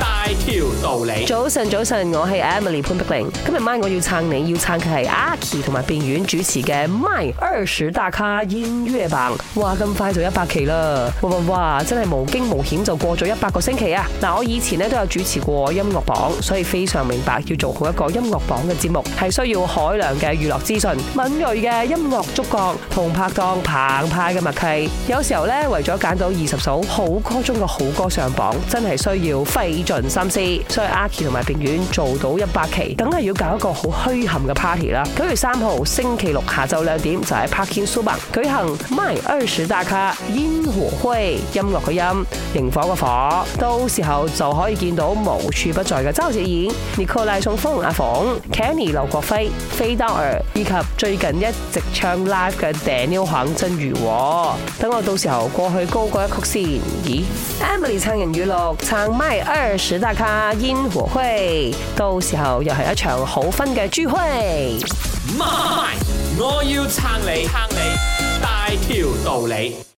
大條道理，早晨早晨，我係 Emily 潘碧玲。今日晚我要撐你，要撐佢係 Aki 同埋秉昀主持嘅 My 20大咖音樂榜。哇！咁快就一百期啦，哇哇哇！真係無驚無險就過咗一百個星期啊！嗱，我以前咧都有主持過音樂榜，所以非常明白要做好一個音樂榜嘅節目係需要海量嘅娛樂資訊、敏鋭嘅音樂觸覺同拍檔澎湃嘅默，默契。有時候咧為咗揀到二十首好歌中嘅好歌上榜，真係需要費盡心思，所以 Aki 同埋秉昀做到一百期，梗係要搞一個好虛冚嘅 party 啦！九月三號星期六下晝兩點，就喺 p a r k i n s u b e r 舉行 My 二十大咖煙火會音樂嘅音，熾火嘅火，到時候就可以見到無處不在嘅周子琰、Nicole 宋風、阿鳳、Kenny 劉國輝、飛刀二，以及最近一直唱 live 嘅 Daniel 黃振宇。等我到時候過去高歌一曲先。咦，Emily 撐人語錄撐 My 二十。廿大咖音樂會，到時候又係一場好分嘅聚會。MY，我要撐你，撐你大條道理。